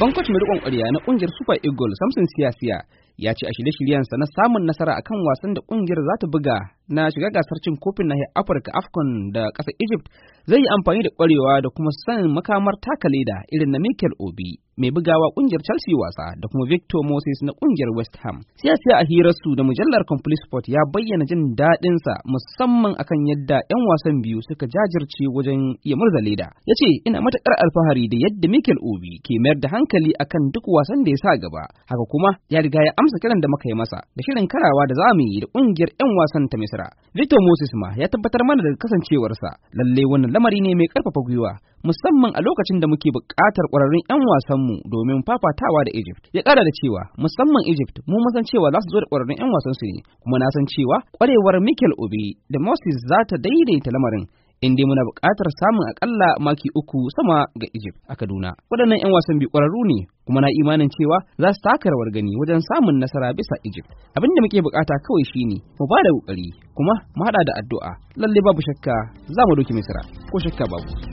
Babban kwacin riƙon ƙwarya na ƙungiyar Super Eagles Samson Siyasiya ya ce a shirye-shiryensa na samun nasara akan wasan da ƙungiyar za ta buga na shiga gasar cin kofin nahiyar Afirka Afcon da ƙasar Egypt zai yi amfani da ƙwarewa da kuma sanin makamar taka leda irin na Mikel Obi mai bugawa ƙungiyar Chelsea wasa da kuma Victor Moses na ƙungiyar West Ham. Siyasa a hirarsu da mujallar Complete Sport ya bayyana jin daɗinsa musamman akan yadda 'yan wasan biyu suka jajirce wajen iya murza leda. Ya ce ina matuƙar alfahari da yadda Mikel Obi ke mayar da hankali akan duk wasan da ya sa gaba. Haka kuma ya riga ya amsa kiran da muka yi masa da shirin karawa da za mu yi da ƙungiyar 'yan wasan ta Misira. Misra. Victor Moses ma ya tabbatar mana da kasancewarsa lalle wannan lamari ne mai karfafa gwiwa musamman a lokacin da muke buƙatar ƙwararrun 'yan wasanmu domin fafatawa da Egypt. Ya ƙara da cewa musamman Egypt mu san cewa za su zo da ƙwararrun 'yan wasansu ne kuma na san cewa ƙwarewar Mikel Obi da Moses za ta daidaita lamarin in dai muna buƙatar samun akalla maki uku sama ga Egypt a Kaduna. Waɗannan 'yan wasan bi ƙwararru ne kuma na imanin cewa za su taka rawar gani wajen samun nasara bisa Egypt. Abin da muke buƙata kawai shine mu ba da ƙoƙari kuma mu haɗa da addu'a. lallai babu shakka za mu doki Misira ko shakka babu.